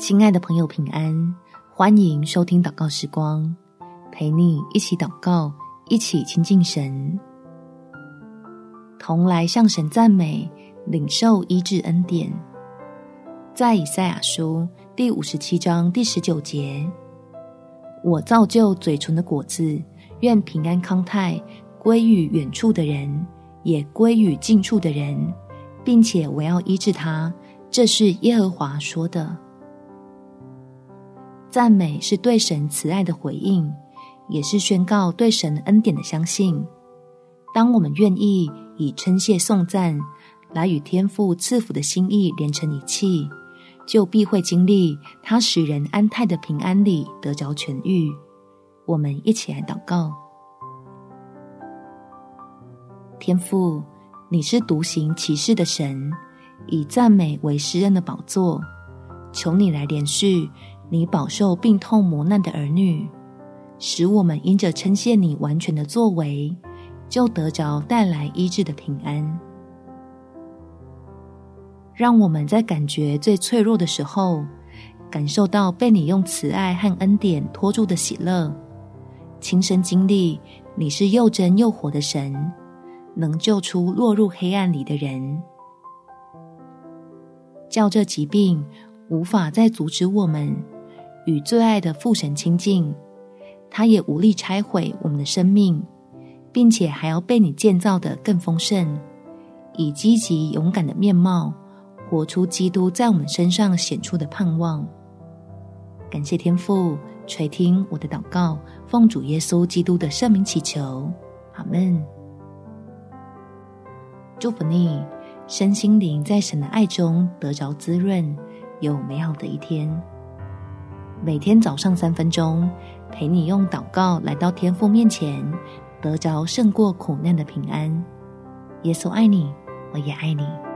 親愛的朋友，平安！歡迎收聽禱告時光，陪你一起禱告，一起親近神，同來向神讚美，領受醫治恩典。在以賽亞書第五十七章第十九節：“我造就嘴唇的果子，願平安康泰歸於遠處的人，也歸於近處的人，並且我要醫治他。”這是耶和華說的。讚美是對神慈愛的回應，也是宣告對神恩典的相信。當我們願意以稱謝頌讚來與天父賜福的心意連成一氣，就必會經歷他使人安泰的平安裡得着痊癒。我們一起來禱告：天父，你是獨行奇事的神，以讚美為施恩的寶座，求你來憐恤。你飽受病痛磨難的兒女，使我們因着稱謝你完全的作為，就得着帶來醫治的平安。讓我們在感覺最脆弱的時候，感受到被你用慈愛和恩典托住的喜樂，親身經歷你是又真又活的神，能救出落入黑暗裡的人，叫這疾病無法再阻止我們。與最愛的父神親近，他也無力拆毀我們的生命，並且還要被你建造得更豐盛，以積極勇敢的面貌活出基督在我們身上顯出的盼望。感謝天父，垂聽我的禱告，奉主耶穌基督的聖名祈求，阿門。祝福你，身心靈在神的愛中得着滋潤，有美好的一天。每天早上三分鐘，陪你用禱告來到天父面前，得着勝過苦難的平安。耶穌愛你，我也愛你。